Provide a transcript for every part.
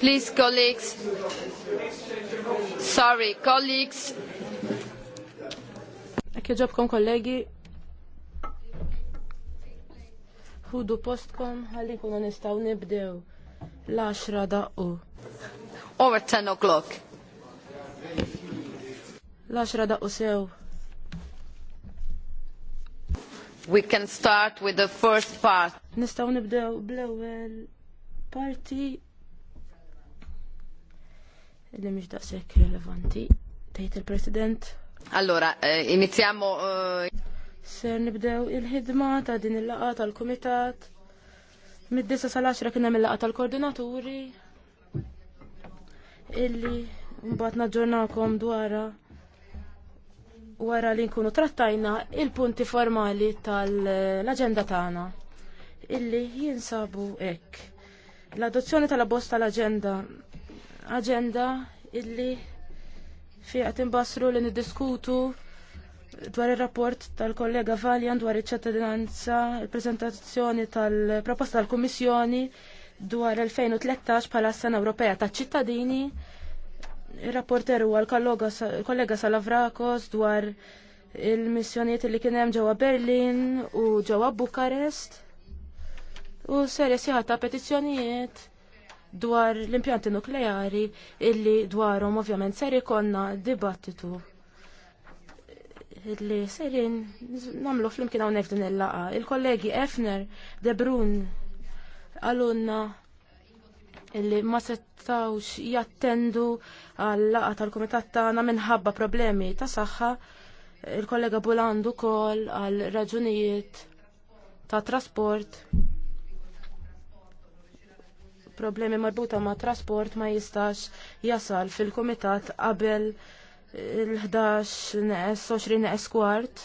Please, colleagues. Sorry, colleagues. Ekki ġobkom kollegi. Hudu postkom, għalli kuna nistaw nibdew. L-10 daqqu. Over 10 o'clock. L-10 daqqu sew. We can start with the first part. Nistaw nibdew bl-ewwel parti li mhix daqshekk rilevanti tgħid il-President. Allora, eh, iniziamo eh, Ser nibdew il-ħidma ta' din il-laqgħa tal-Kumitat. Mid-disa sal-10 kien hemm il-laqgħa tal-koordinaturi illi mbagħad naġġornakom dwarha wara li nkunu trattajna il-punti formali tal-agenda tagħna illi jinsabu hekk. L-adozzjoni tal abosta l agenda agenda illi fiha tinbassru li niddiskutu dwar ir-rapport tal-kollega Valjan dwar iċ-ċittadinanza, il-preżentazzjoni tal-proposta tal-Kummissjoni dwar 2013 bħala sena Ewropea taċ-ċittadini Rapporter huwa għal kollega Salavrakos dwar il-missjoniet li kien hemm ġewwa Berlin u ġewwa Bukarest. U ser jisiħa ta' petizzjonijiet dwar l-impjanti nukleari illi dwarhom ovvjament ser ikonna dibattitu illi serin namlu flimkina imkien hawnhekk din il-laqa. Il-kollegi Efner, De Brun, għalunna illi ma settawx jattendu għall-laqa tal-komitat tagħna minħabba problemi ta' saħħa. Il-kollega Bulandu kol għal raġunijiet ta' trasport. Problemi marbuta ma' trasport ma jistax jasal fil-komitat qabel il-11 nes 20 nes kwart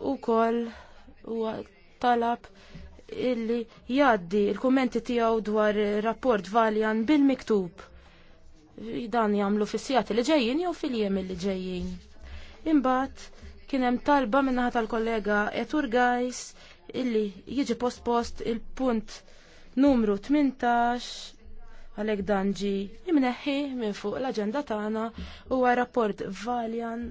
u kol u talab illi jaddi il-kummenti tiegħu dwar rapport Valjan bil-miktub. Dan jagħmlu fis li ġejjin jew fil-jiem li ġejjin. Imbagħad kien hemm talba minnaħat tal-kollega Etur Gajs illi jiġi post-post il-punt numru 18 għalek danġi imneħi minn fuq l-agenda tagħna huwa rapport Valjan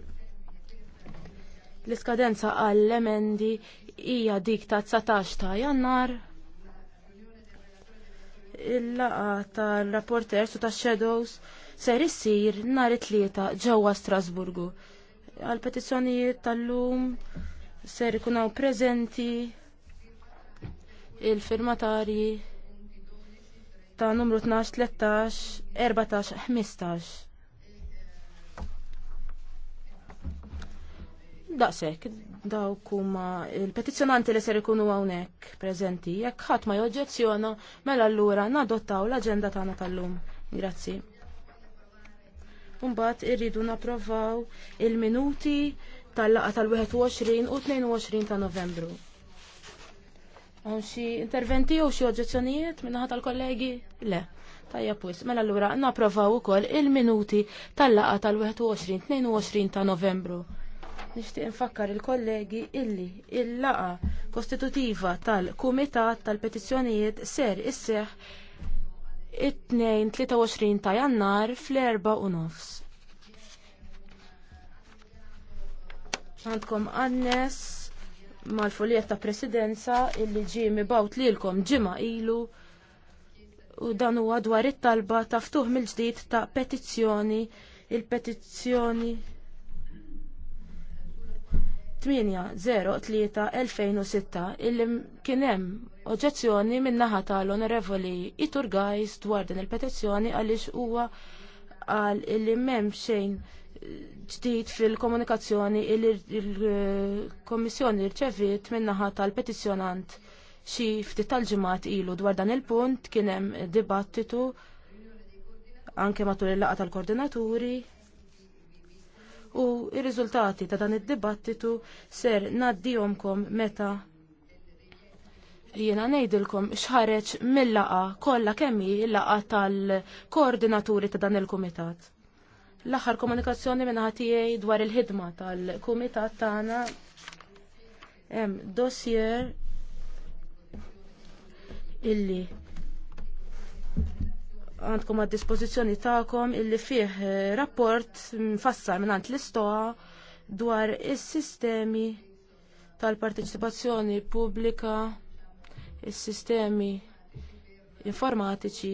l-iskadenza għall-emendi hija dik ta' 19 ta' jannar il-laqa tal-rapporters u tax-shadows ser issir nhar it-tlieta ġewwa Strasburgu. Għal petizzjonijiet tal-lum ser ikun hawn preżenti il-firmatari ta' numru 12, 13, 14, 15. Daqshekk, dawk huma il-petizzjonanti li ser ikunu hawnhekk preżenti, jekk ħadd ma joġġezzjona mela allura nadottaw l-aġenda tagħna tal-lum. Grazzi. Mbagħad irridu napprovaw il-minuti tal-laqa tal-21 u 22 ta' Novembru. Hawn xi interventi jew xi oġġezzjonijiet minnaħa tal-kollegi? Le. Tajja pwis, mela allura napprovaw ukoll il-minuti tal-laqa tal-21 22 ta' Novembru. Nixtieq infakkar il-kollegi illi il laqgħa kostitutiva tal-Kumitat tal-Petizzjonijiet ser isseħħ it-2-23 ta' jannar fl-4 u nofs. Għandkom għannes mal-folijiet ta' presidenza illi ġie mibgħut lilkom ġimgħa ilu u dan huwa dwar it-talba ta' ftuħ mill-ġdid ta' petizzjoni il-petizzjoni 8.03.2006 illi kienem oġezzjoni minnaħa tal-onorevoli Gajs dwar din il-petizzjoni għaliex huwa għal illi m'hemm xejn ġdid fil-komunikazzjoni illi l-komissjoni rċevit minnaħa tal-petizzjonant xi ftit tal-ġimgħat ilu dwar dan il-punt kien hemm dibattitu anke matul il-laqgħa tal-koordinaturi u r-riżultati ta' dan id-dibattitu ser naddihomkom meta jiena ngħidilkom x'ħareġ mill-laqa kollha kemm hi l-laqa tal-koordinaturi ta' dan il-kumitat. L-aħħar komunikazzjoni minn tiegħi dwar il-ħidma tal-kumitat tagħna hemm dossier illi għandkom għad dispozizjoni tagħkom illi fih eh, rapport mfassar minn għand l-istoa dwar is-sistemi tal-partiċipazzjoni pubblika, il sistemi informatiċi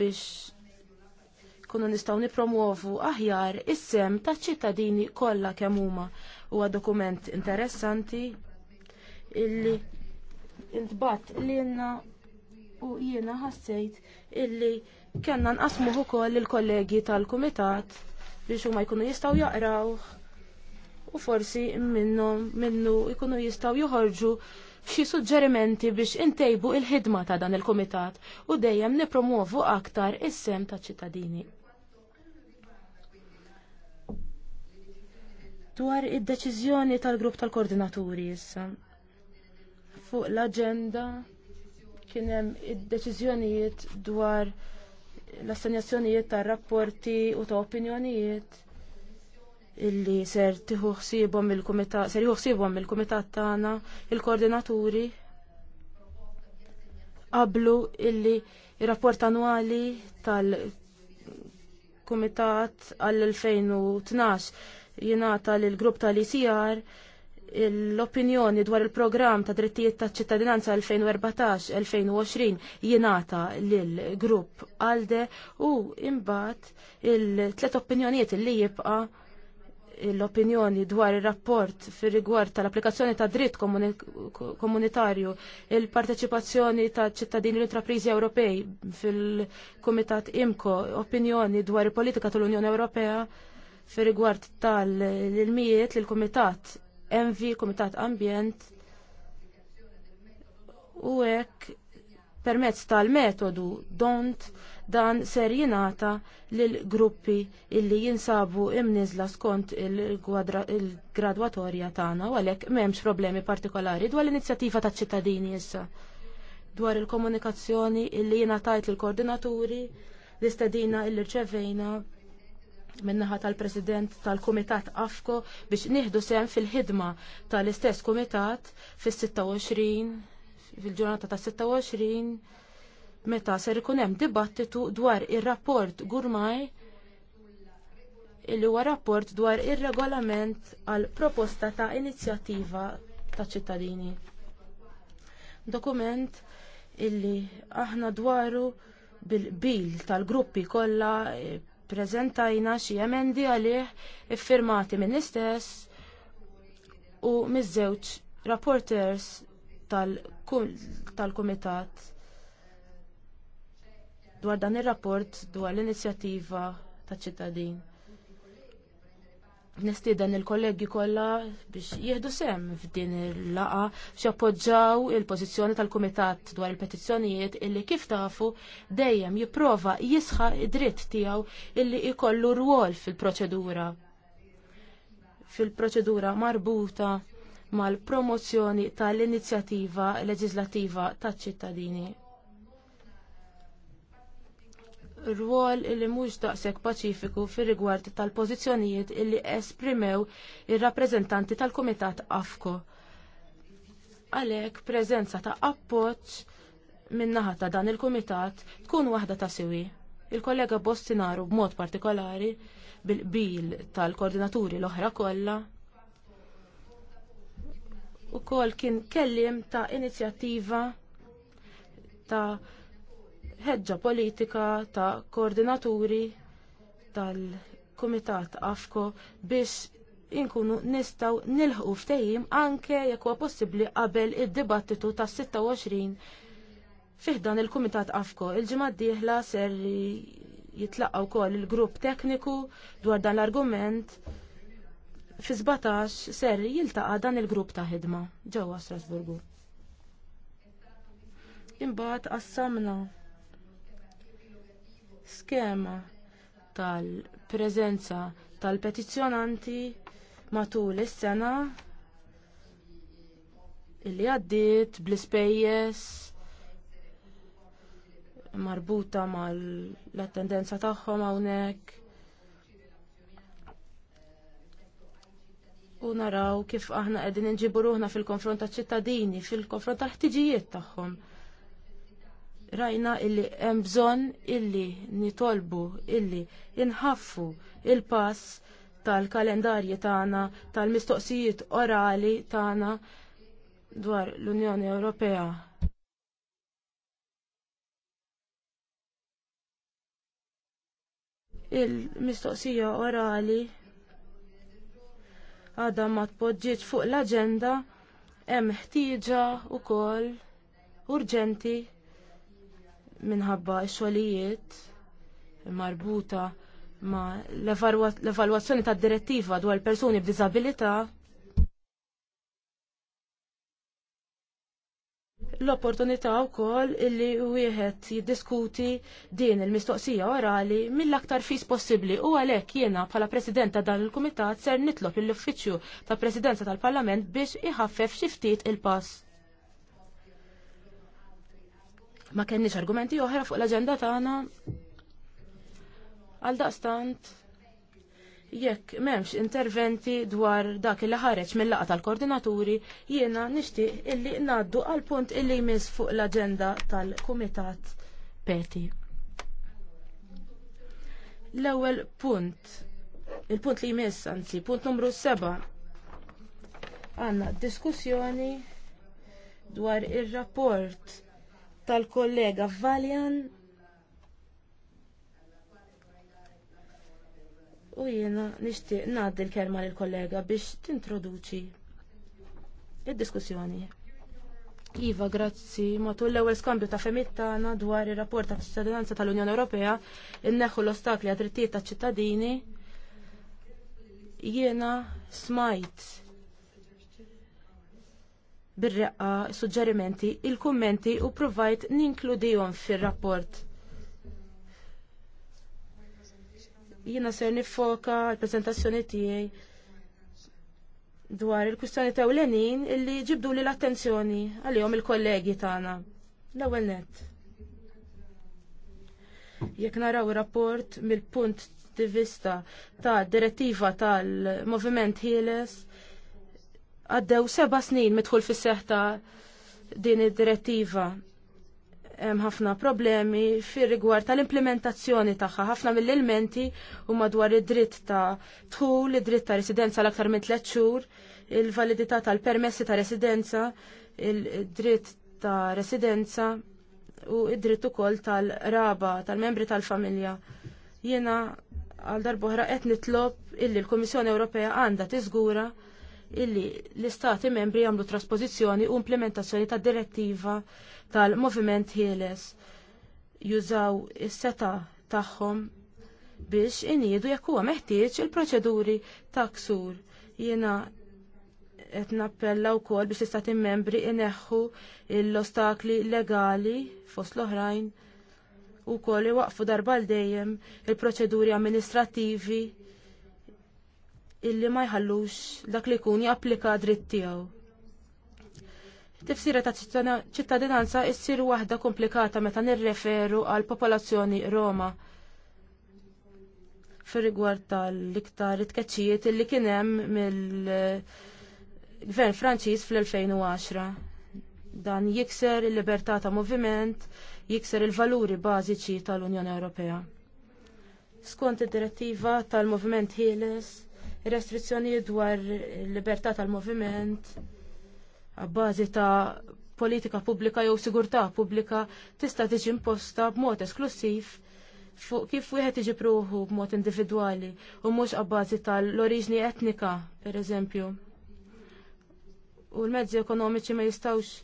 biex kunu nistaw nipromuovu aħjar is-sem ta' ċittadini kollha kemm huma huwa dokument interessanti illi intbat lilna u jiena ħassejt illi kellna nqasmuh ukoll il-kollegi tal-kumitat biex huma jkunu jistgħu jaqraw u forsi minnhom minnu jkunu jistgħu joħorġu xi suġġerimenti biex intejbu il-ħidma ta' dan il-kumitat u dejjem nipromuovu aktar is-sem taċ ċittadini. Dwar id-deċiżjoni tal-grupp tal-koordinaturi issa fuq l-aġenda kien hemm id-deċiżjonijiet dwar l-assenjazzjonijiet tar rapporti u ta' opinjonijiet illi ser tieħu ħsiebhom il-kumitat ser jieħu il-kumitat tagħna il-koordinaturi qablu illi ir-rapport annwali tal-kumitat għall-2012 jingħata lill grupp tal-ICR l-opinjoni dwar il-programm ta' drittijiet ta' ċittadinanza 2014-2020 jingħata l grupp ALDE u imbagħad il tlet opinjonijiet li jibqa' l-opinjoni dwar ir-rapport fir rigward tal-applikazzjoni ta' dritt komunitarju, il-parteċipazzjoni ta' ċittadini l intrapriżi Ewropej fil-Kumitat IMCO, opinjoni dwar il-politika tal-Unjoni Ewropea fir rigward tal-ilmijiet l-Kumitat MV Kumitat Ambjent u hekk permezz tal-metodu don't dan ser jingħata lil gruppi illi jinsabu imnizla skont il-gradwatorja il tagħna u għalhekk m'hemmx problemi partikolari dwar l-inizjattiva taċ ċittadini issa dwar il-komunikazzjoni illi jingħatajt lill koordinaturi l-istedina illi rċevejna minnaħa tal-President tal-Kumitat Afko biex nieħdu sem fil-ħidma tal-istess Kumitat fis-26 fil-ġurnata ta' 26 meta ser ikun hemm dibattitu dwar ir-rapport Gurmaj illi huwa rapport dwar ir-regolament għal proposta ta' inizjattiva ta' ċittadini. Dokument illi aħna dwaru bil-bil tal-gruppi kollha prezentajna xi emendi għalih iffirmati minn istess u miż-żewġ rapporters tal-Kumitat dwar dan ir-rapport dwar l-inizjattiva taċ ċittadin nistieden il-kollegi kollha biex jieħdu sem f'din il-laqa biex jappoġġjaw il-pożizzjoni tal-Kumitat dwar il-petizzjonijiet illi kif tafu dejjem jipprova jisħa id-dritt tiegħu illi jkollu rwol fil-proċedura. Fil-proċedura marbuta mal-promozzjoni tal-inizjattiva leġislattiva taċ-ċittadini rwol li mhux daqshekk paċifiku fir-rigward tal-pożizzjonijiet illi esprimew ir-rappreżentanti tal-Kumitat AFCO. Għalhekk preżenza ta' appoġġ min-naħa ta' dan il-kumitat tkun waħda ta' siwi. Il-kollega Bostinaru b'mod partikolari bil-qbil tal-koordinaturi l-oħra kollha u kol kien kellim ta' inizjattiva ta' ħeġġa politika ta' koordinaturi tal-Kumitat AFCO biex inkunu nistaw nilħu ftehim anke jekk huwa possibbli qabel id-dibattitu tas-26 fiħdan il-Kumitat AFCO. Il-ġimgħa d-dieħla ser jitlaqgħu wkoll il-grupp tekniku dwar dan l-argument fi 17 ser jiltaqa' dan il-grupp ta' ħidma ġewwa Strasburgu. Imbagħad qassamna skema tal-preżenza tal-petizzjonanti matul is-sena illi għaddiet bl-ispejjeż marbuta mal-attendenza tagħhom hawnhekk. U naraw kif aħna qegħdin inġibu ruħna fil-konfront taċ-ċittadini, fil-konfront tal-ħtiġijiet tagħhom rajna illi hemm bżonn illi nitolbu illi inħaffu il-pass tal-kalendarji tagħna tal-mistoqsijiet orali tagħna dwar l-Unjoni Ewropea. Il-mistoqsija orali għadha ma tpoġġietx fuq l-aġenda hemm ħtieġa wkoll urġenti minħabba xogħlijiet marbuta ma l-evalwazzjoni tad direttiva dwar persuni b'diżabilità l-opportunità wkoll illi wieħed jiddiskuti din il-mistoqsija orali mill-aktar fis possibbli u għalhekk jiena bħala President ta' dan il-Kumitat ser nitlob lill uffiċċju tal Presidenza tal-Parlament biex iħaffef xi ftit il-pass. Ma kenniex argumenti oħra fuq l-aġenda tagħna għal daqstant jekk memx interventi dwar dak li ħareġ mill-laqa tal-koordinaturi, jiena nixtieq illi ngħaddu għal punt illi jmiss fuq l-aġenda tal-Kumitat Peti. L-ewwel punt, il-punt li jmiss, anzi, punt numru 7. Għanna diskussjoni dwar ir rapport tal-kollega Valjan u jiena nixtieq ngħaddi l-kelma lill kollega biex tintroduċi il diskussjoni Iva, grazzi. Matul l-ewwel skambju ta' femitt tagħna dwar ir-rapport ta' ċittadinanza tal-Unjoni Ewropea inneħħu l-ostakli għad ta' taċ ċittadini jiena smajt bir-reqqa suġġerimenti, il-kummenti u provajt ninkludijom fir-rapport. Jiena ser nifoka l-prezentazzjoni tiegħi dwar il-kustjoni ta' ewlenin illi ġibdu li l-attenzjoni għalihom il-kollegi tagħna. L-ewwel net. Jekk naraw rapport mill-punt di vista ta' direttiva tal-Moviment Ħieles, Għaddew seba snin mitħul fis seħta din id-direttiva. Hemm ħafna problemi fir rigward tal-implementazzjoni tagħha. Ħafna mill-elementi huma dwar id-dritt ta' tħul, id-dritt ta' residenza l-aktar minn tliet xhur, il-validità tal-permessi ta' residenza, il-dritt ta' residenza u id-dritt ukoll tal-raba, tal-membri tal-familja. Jiena għal darbohra qed nitlob illi l-Kummissjoni Ewropea għandha tiżgura illi l-istati membri jagħmlu traspożizzjoni u implementazzjoni ta' direttiva tal-moviment ħieles jużaw is-seta tagħhom biex iniedu jekk huwa meħtieġ il-proċeduri ta' ksur. Jiena qed nappella wkoll biex l-istati membri ineħħu l-ostakli legali fost l-oħrajn u koll iwaqfu darba l dejjem il-proċeduri amministrativi illi ma jħallux dak li jkun japplika dritt tiegħu. Tifsira ta' ċittadinanza issir waħda komplikata meta nirreferu għal popolazzjoni Roma fir rigward tal-iktar itkeċċijiet illi kien hemm mill-Gvern Franċiż fl-2010. Dan jikser il-libertà ta' moviment, jikser il-valuri bażiċi tal-Unjoni Ewropea. Skont id-direttiva tal-Moviment Ħieles, restrizzjonijiet dwar libertà tal-moviment għabbażi ta' politika pubblika jew sigurtà pubblika tista' tiġi imposta b'mod esklusiv fuq kif wieħed iġi pruħu b'mod individwali u mhux għabbażi tal-oriġni etnika, pereżempju. U l-mezzi ekonomiċi ma jistawx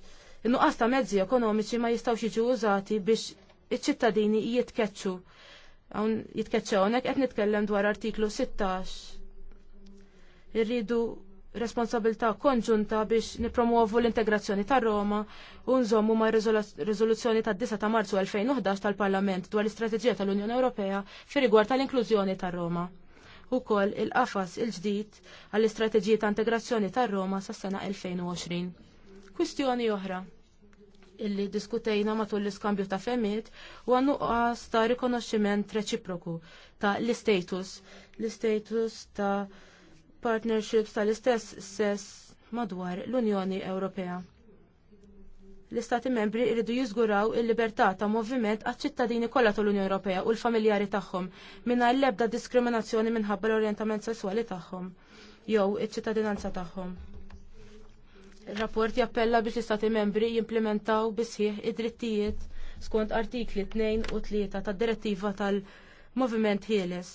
In-nuqqas ta' mezzi ekonomiċi ma jistawx jiġu użati biex iċ-ċittadini jitkeċċu. Jitkeċċu hawnhekk qed nitkellem dwar artiklu 16 irridu responsabilità konġunta biex nipromuovu l-integrazzjoni ta' Roma u nżommu ma' riżoluzzjoni ta' 10 ta' Marzu 2011 tal-Parlament dwar l-istrateġija tal-Unjoni Ewropea fi rigward tal-inklużjoni ta' Roma. U koll il-qafas il-ġdid għall-istrateġija ta' integrazzjoni ta' Roma sa' sena 2020. Kwistjoni oħra illi diskutejna matul l-iskambju ta' femmit u għas ta' rikonoxximent reċiproku ta' l-istatus, l-istatus ta' partnerships tal-istess sess madwar l-Unjoni Ewropea. L-Istati membri jridu jiżguraw il-libertà ta' moviment għat ċittadini kollha tal-Unjoni Ewropea u l-familjari tagħhom mingħajr l-ebda diskriminazzjoni minħabba l-orjentament sesswali tagħhom jew iċ-ċittadinanza tagħhom. Ir-rapport jappella biex l-Istati membri jimplementaw bisħieħ id-drittijiet skont artikli 2 u 3 tad-Direttiva tal-Moviment Ħieles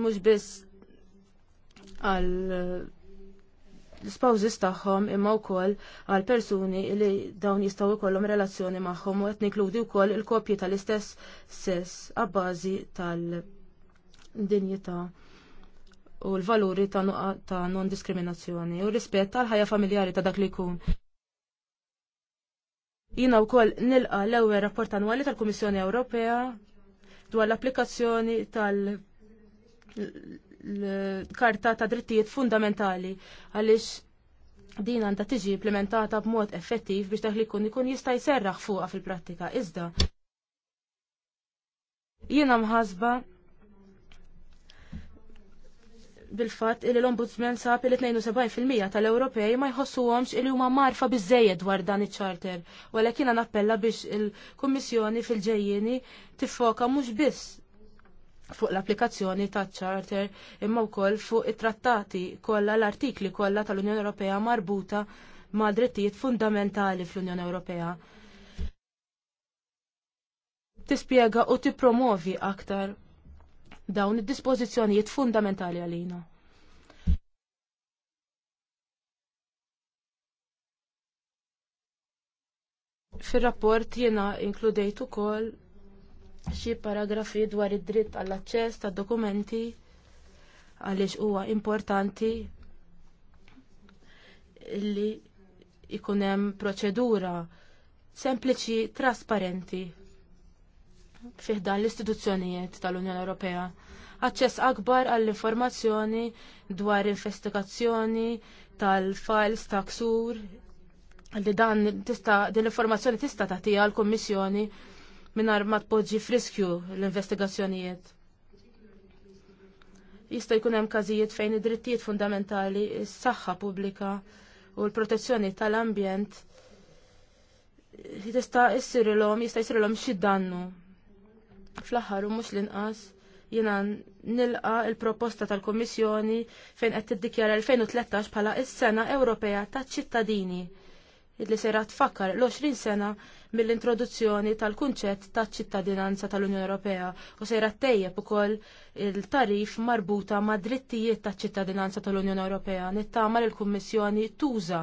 mhux biss għal eh, l-spawżis tagħhom imma wkoll għal persuni li dawn jistgħu jkollhom relazzjoni magħhom u qed nikkludi wkoll il-kopji tal-istess sess għabbażi tal-dinjità u l-valuri ta' non-diskriminazzjoni u rispett tal ħajja familjari ta' dak li jkun. Jina wkoll nilqa l-ewwel rapport annwali tal-Kummissjoni Ewropea dwar l-applikazzjoni tal-, -tal l-Karta ta' Drittijiet Fundamentali għaliex din għandha tiġi implementata b'mod effettiv biex daħli kun jkun ikun jista' jserraħ fuqha fil-prattika. Iżda jiena mħasba bil-fatt li l-Ombudsman sab li 72% tal-Ewropej ma jħossuhomx li huma marfa biżejjed dwar dan iċ-charter, walakin nappella biex il-Kummissjoni fil-ġejjieni tiffoka mhux biss fuq l-applikazzjoni ta' charter imma wkoll fuq it-trattati kollha l-artikli kollha tal-Unjoni Ewropea marbuta ma' drittijiet fundamentali fl-Unjoni Ewropea. Tispjega u tippromovi aktar dawn id-dispożizzjonijiet fundamentali għalina. Fir-rapport jiena inkludejt ukoll xi paragrafi dwar id-dritt għall-aċċess tad dokumenti għaliex huwa importanti li ikun hemm proċedura sempliċi trasparenti fiħdan l-istituzzjonijiet tal-Unjoni Ewropea. Aċċess akbar għall-informazzjoni dwar investigazzjoni tal-files ta' ksur li dan tista' din l-informazzjoni tista' tagħtiha l-Kummissjoni minar ma tpoġġi friskju l-investigazzjonijiet. Jista' jkun hemm każijiet fejn id-drittijiet fundamentali, is-saħħa pubblika u l-protezzjoni tal-ambjent tista' issirilhom jista' jsirilhom xi dannu. Fl-aħħar u mhux l-inqas jiena nilqa il-proposta tal-Kommissjoni fejn qed tiddikjara 2013 bħala is-Sena Ewropea taċ-ċittadini Li sejra tfakkar l-20 sena mill-introduzzjoni tal-kunċett ta' ċittadinanza tal-Unjoni Ewropea u sejra tejjeb ukoll il-tarif marbuta ma' drittijiet ta' ċittadinanza tal-Unjoni Ewropea nittama l kummissjoni tuża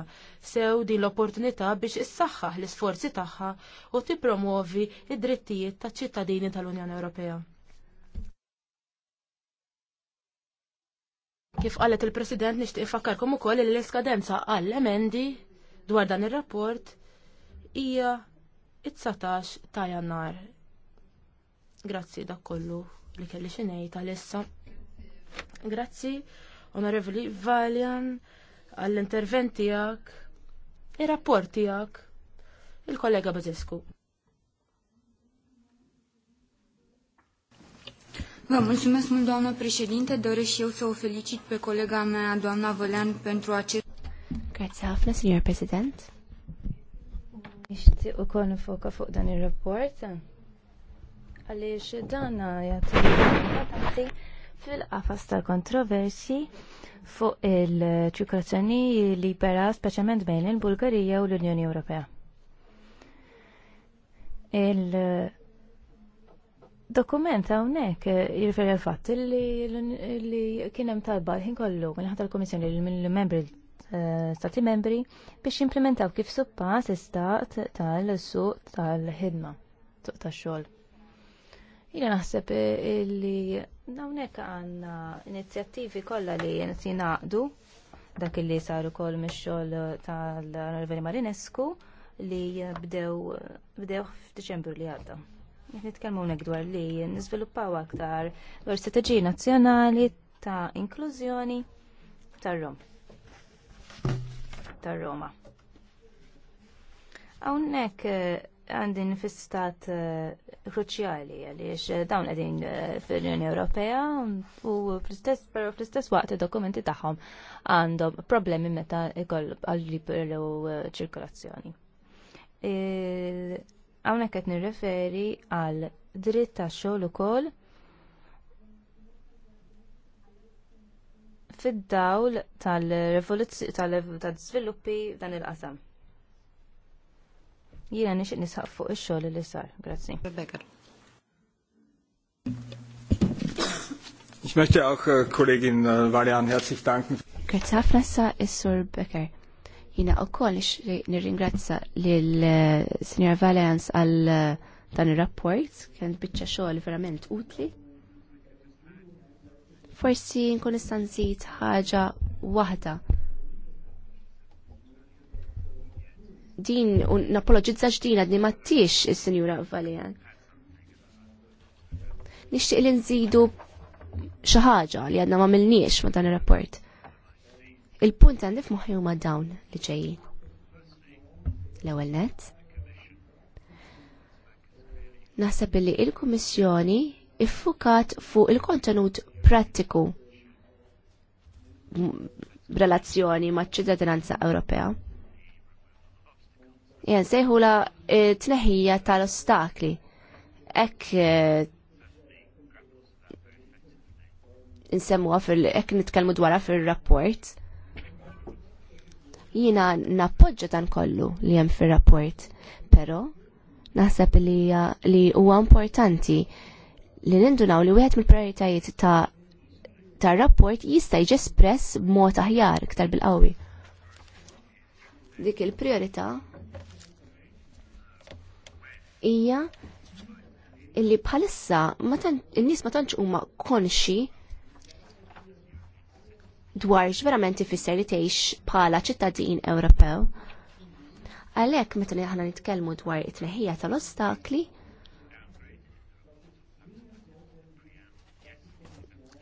sew din l-opportunità biex issaħħaħ l-isforzi tagħha u tippromuovi id-drittijiet ta' ċittadini tal-Unjoni Ewropea. Kif qalet il-President nixtieq ifakkarkom ukoll il l-iskadenza għall-emendi dwar dan ir-rapport hija it-19 ta' jannar. Grazzi dak kollu li kelli xi ngħid għalissa. Grazzi Onorevoli Valjan għall-intervent tiegħek, ir-rapport tiegħek, il-kollega Bazescu. Vă mulțumesc mult, doamnă președinte. Doresc și eu să o felicit pe colega mea, doamna Vălean, pentru acest Grazie ħafna, Signor President. Nixtieq ukoll foka fuq dan ir-rapport. Għaliex dan jagħti fil-qafas ta' kontroversi fuq il li libera speċjalment bejn il-Bulgarija u l-Unjoni Ewropea. Il-dokument hawnhekk jirriferi għal fatt li kien hemm talba ħin kollu minn ħadd il-Kummissjoni l membri stati membri biex jimplementaw kif suppas istat tal-suq tal-ħidma suq tax-xogħol. Jiena naħseb eh, li hawnhekk għandna inizjattivi kollha li jingħaqdu dak li saru kol mix-xogħol tal-Riveri Marinescu li bdew bdew f'Diċembru li għadda. Nitkellmu hawnhekk dwar li niżviluppaw aktar dwar strateġiji nazzjonali ta' inklużjoni tar-Rom ta' Roma. Hawnhekk eh, għandin f'istat stat eh, kruċjali għaliex eh, dawn qegħdin fil-Unjoni Ewropea u fl-istess però fl-istess waqt id-dokumenti tagħhom għandhom problemi meta ikoll għal ċirkolazzjoni. Hawnhekk qed nirreferi għal dritt tax-xogħol ukoll fid-dawl tal żviluppi dan il-qasam. Jiena nixtieq nisħaq fuq ix-xogħol li sar. Grazzi. Ich möchte auch äh, Kollegin äh, Valian herzlich danken. Grazie ħafna sa is-Sur Becker. Jiena wkoll nirringrazza lil äh, Sinjor Valians għal dan ir-rapport, kien biċċa xogħol verament utli forsi nkun nista' ħaġa waħda. Din u napologizza ġdina, għadni mattiex is senjura Valjan. Nixtieq li nżidu xi ħaġa li għadna ma milniex ma dan ir-rapport. Il-punt għandi f'moħħi huma dawn li ġejjin. L-ewwel nett. Naħseb li il-Kummissjoni iffukat fuq il-kontenut prattiku relazzjoni maċ ċittadinanza Ewropea. Jen sejħula t-neħija tal-ostakli. Ek eh, insemmuha fil ek nitkellmu dwarha fir-rapport. Jiena nappoġġa dan kollu li hemm fir-rapport, però naħseb li huwa importanti li nindunaw li wieħed mill-prioritajiet ta' tar rapport jista' jiġi espress b'mod aħjar iktar bil-qawwi. Dik il-priorità hija illi bħalissa in-nies ma tantx huma konxi dwar x'verament ifisser li tgħix bħala ċittadin Ewropew. Għalhekk meta aħna nitkellmu dwar it-tneħħija tal-ostakli,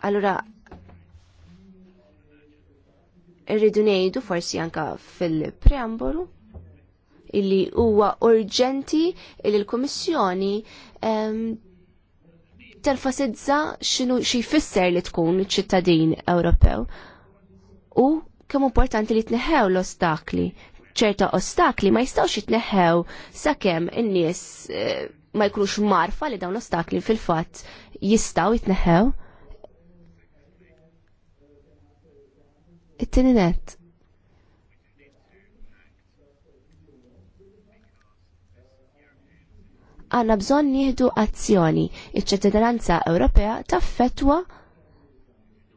Allura irridu ngħidu forsi anka fil-preambolu illi huwa urġenti illi l-Kummissjoni um, ehm, telfasizza xinu xifisser li tkun ċittadin Ewropew u kemm importanti li tneħew l-ostakli. ċerta ostakli ma jistawx jitneħew sakemm in-nies eh, ma jkunux marfa li dawn l-ostakli fil-fatt jistaw jitneħew. It-tieni net. Għanna bżonn nieħdu azzjoni. Iċ-ċittadinanza Ewropea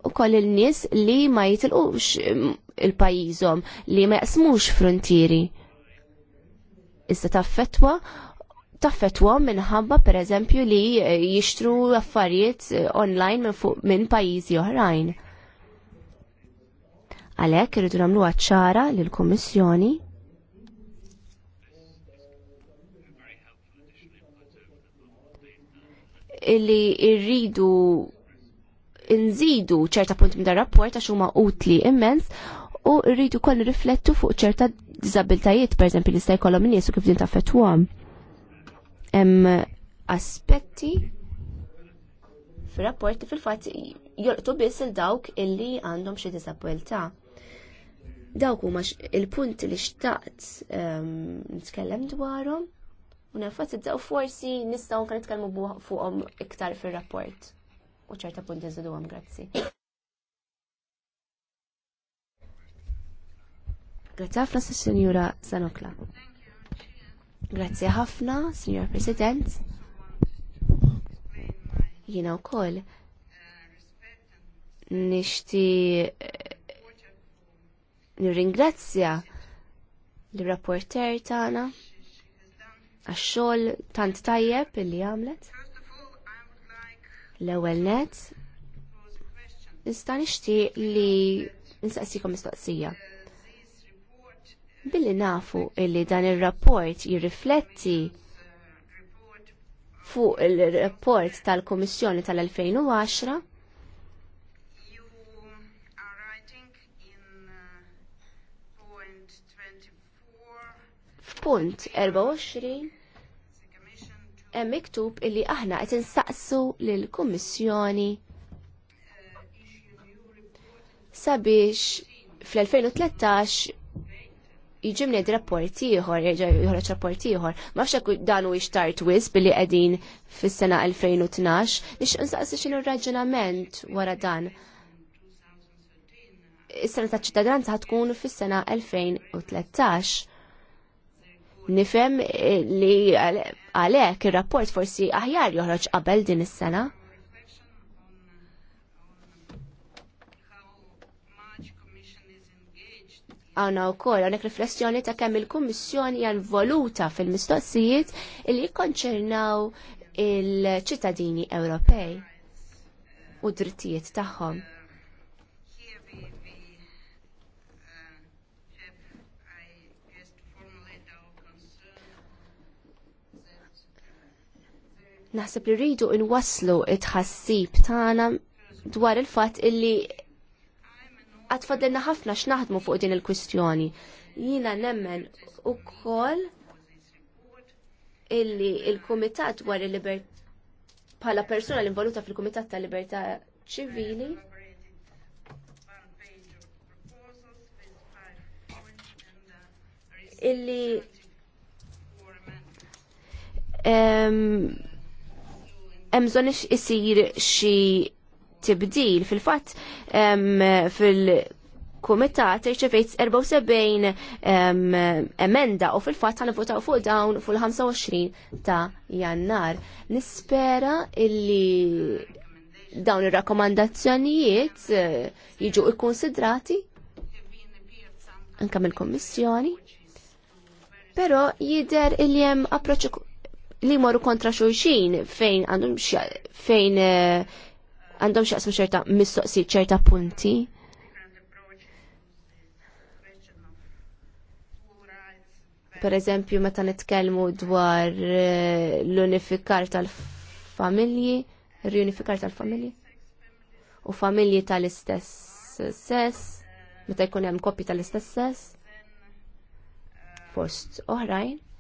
u koll il-nies li ma jitilqux mm, il-pajjiżhom li ma jaqsmux frontieri. Issa fetwa taffetwa minħabba per eżempju li jixtru affarijiet online minn pajizi pajjiżi oħrajn. Għalhekk irridu namlu ċara lill-Kummissjoni illi irridu nżidu ċerta punti minn dar-rapport għax huma utli immens u rridu koll riflettu fuq ċerta diżabiltajiet, per li sta' jkollhom in-nies u kif din tafetwhom. Hemm aspetti fir-rapport fil-fatt jolqtu biss il dawk illi għandhom xi diżabilità. Dawk huma il-punt li xtaqt ehm, nitkellem dwarhom u nenfasizzaw forsi nistgħu nkun nitkellmu fuqhom iktar fir-rapport. U ċerta punti żiduhom grazzi. Grazzi ħafna s-Sinjura Sanokla. Grazzi ħafna, Sinjura President. Jiena wkoll nixti nirringrazzja l-rapporter tagħna għax-xogħol tant tajjeb illi għamlet. L-ewwel net nista' nixtieq li nistaqsikom mistoqsija. Billi nafu illi dan ir-rapport jirrifletti fuq il-rapport tal kummissjoni tal-2010 Punt 24 hemm miktub illi aħna qed insaqsu lill-Kummissjoni sabiex fl-2013 jiġi mnedi rapport ieħor, joħroġ rapport ieħor. Ma fx dan huwiex tart wis billi qegħdin fis-sena 2012, nix insaqsi x'inhu r-raġunament wara dan. Is-sena ta' ċittadinanza ħatkun fis-sena 2013 nifem eh, li għalek il rapport forsi aħjar joħroġ qabel din is-sena. għawna u koll, għonek riflessjoni ta' kemm il kommissjoni għan voluta fil-mistoqsijiet il li konċernaw il-ċittadini Ewropej u drittijiet tagħhom. Naħseb li rridu inwasslu it-ħassib tagħna dwar il-fatt illi għatfadilna ħafna x'naħdmu fuq din il-kwistjoni. Jiena nemmen ukoll illi il-Kumitat dwar il libert bħala persuna li involuta fil-Kumitat tal Libertà Ċivili illi hemm bżonn isir xi tibdil fil-fatt fil kumitat irċevejt 74 emenda u fil-fatt għan votaw fuq dawn fuq 25 ta' jannar. Nispera illi dawn ir-rakkomandazzjonijiet eh, jiġu ikkonsidrati anka mill kummissjoni Però jider il-jem approċċ li moru kontra xulxin fejn għandhom fejn eh, għandhom xaqsmu ċerta mistoqsi ċerta punti. Per eżempju, meta nitkellmu dwar eh, l-unifikar tal-familji, riunifikar tal-familji u familji tal-istess sess, meta jkun hemm kopji tal-istess sess, fost oħrajn. Oh,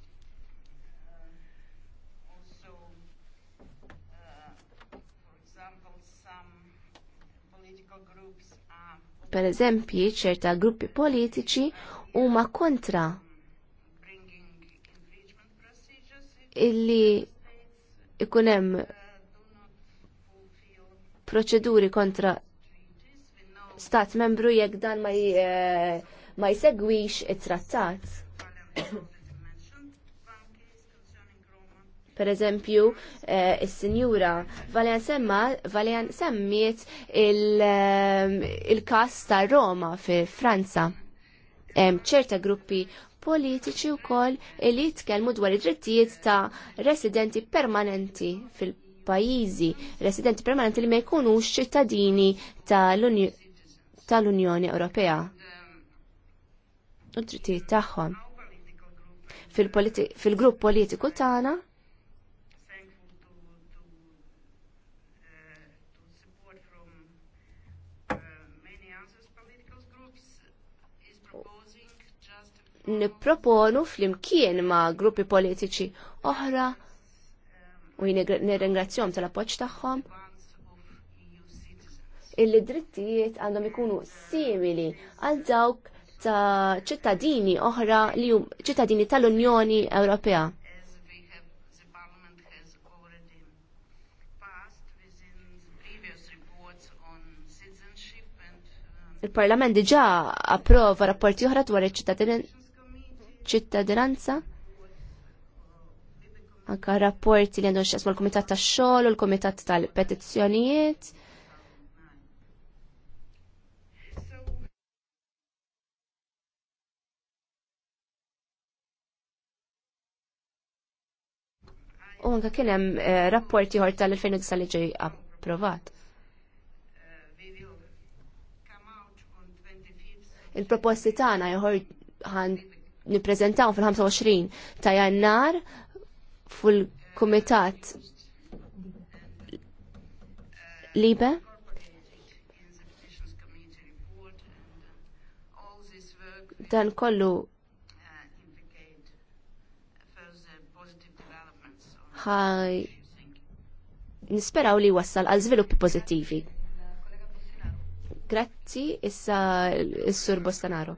per eżempji ċerta gruppi politiċi huma kontra illi ikun hemm proċeduri kontra stat membru jekk dan ma, eh, ma jsegwix it-trattat. Per eżempju, eh, il-Sinjura Valjan semma, Valjan semmiet eh, il-kas ta' Roma fi Franza. ċerta gruppi politiċi u koll li jitkellmu dwar id-drittijiet ta' residenti permanenti fil-pajizi, residenti permanenti li ma jkunux ċittadini tal-Unjoni Ewropea u drittijiet tagħhom. Fil-grupp politiku tagħna nipproponu flimkien ma' gruppi politiċi oħra u nirringrazzjom tal-appoġġ tagħhom illi drittijiet għandhom ikunu simili għal dawk ta' ċittadini oħra li ċittadini tal-Unjoni Ewropea. Il-Parlament diġà approva rapporti oħra dwar iċ-ċittadini ċittadinanza anka rapporti li għandhom x'jaqsmu l-Kumitat tax-xogħol u l-Kumitat tal-Petizzjonijiet. U anka kien hemm eh, rapport ieħor tal-2009 li ġej approvat. Il-proposti tagħna jħor nippreżentaw fil-25 ta' jannar fil-Kumitat Libe. Dan kollu ħaj nisperaw li wassal għal żviluppi pozittivi. Grazzi issa s-sur Bostanaro.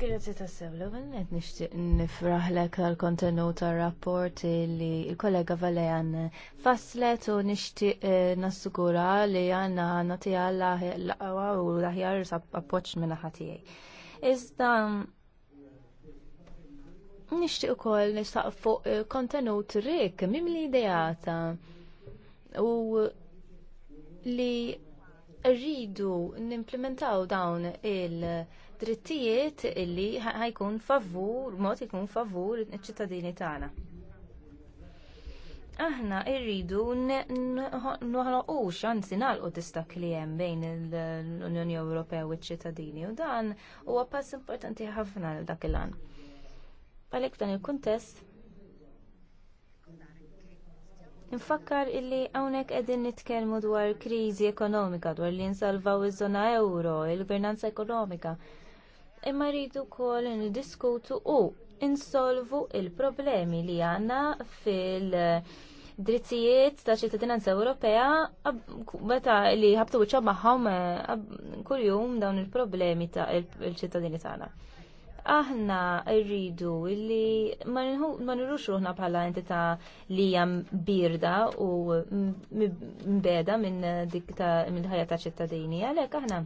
Grazie ta' sew, l-ewwel qed nixtieq nifraħlek għal kontenut tar rapport li l-kollega Valejan faslet u nixtieq eh, nassugura li għanna nagħtiha l-aqwa u l-aħjar appoġġ minn tiegħi. Iżda nixtieq ukoll nishtiq fuq eh, kontenut rik li idejata u li rridu nimplementaw dawn il- drittijiet illi ħajkun favur, mod ikun favur iċ-ċittadini tagħna. Aħna rridu noħloqux anzi nagħlqu tista' li hemm bejn l-Unjoni Ewropea u ċ-ċittadini u dan huwa pass importanti ħafna l dak il-għan. Għalhekk dan il-kuntest Nfakkar illi hawnhekk qegħdin nitkellmu dwar kriżi ekonomika, dwar li nsalvaw iż-żona euro, il-gvernanza ekonomika imma rridu wkoll niddiskutu u insolvu l problemi li għandna fil- drittijiet ta' ċittadinanza Ewropea meta li ħabtu wiċċa magħhom eh, kuljum dawn il-problemi ta' il-ċittadini tagħna aħna rridu li ma nirrux ruħna bħala entità li hija birda u mbeda minn dik ta' mill-ħajja ta' ċittadini, għalhekk aħna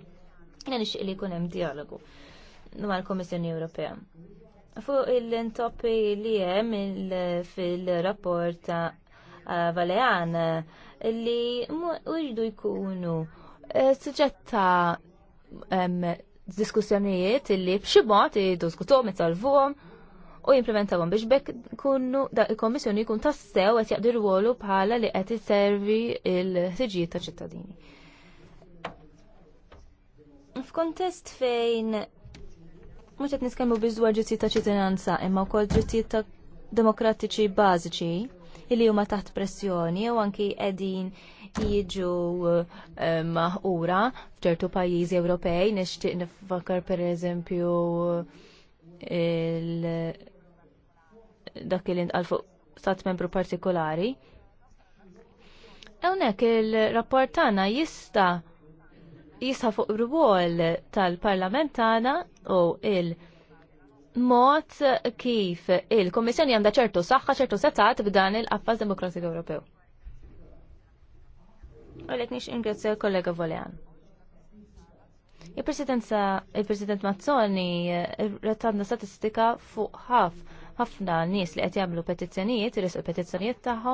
nixtieq li jkun hemm dialogu mal-Komissjoni Ewropea. Fuq il-intoppi li hemm fil-rapport ta' Valean li ujdu jkunu eh, suġġetta diskussjonijiet li b'xi mod jiddiskutom, jitalvuhom u jimplementawhom biex bekk kunnu da il komissjoni jkun tassew qed jaqdir rwolu bħala li qed servi l-ħtiġijiet ta' ċittadini. F'kontest fejn mhux qed niskemmu biż ġittijiet ta' ċittadinanza imma wkoll ġittijiet ta' demokratiċi bażiċi illi huma taħt pressjoni jew anki qegħdin jiġu eh, maħqura f'ċertu pajjiżi Ewropej nixtieq nifakar pereżempju il dak li ntqal fuq stat membru partikolari. Hawnhekk il-rapport tagħna jista' jista' fuq rwol tal-parlament tagħna u il- mod kif il-Kommissjoni għandha ċertu saħħa ċertu setat b'dan il-qafas demokratiku Ewropew. Għalek nix ingrazzja kollega Volean. Il-Presidenza, il-President Mazzoni eh, rettadna statistika fuq ħaf ħafna nies li qed jagħmlu petizzjonijiet, irisqu petizzjonijiet tagħhom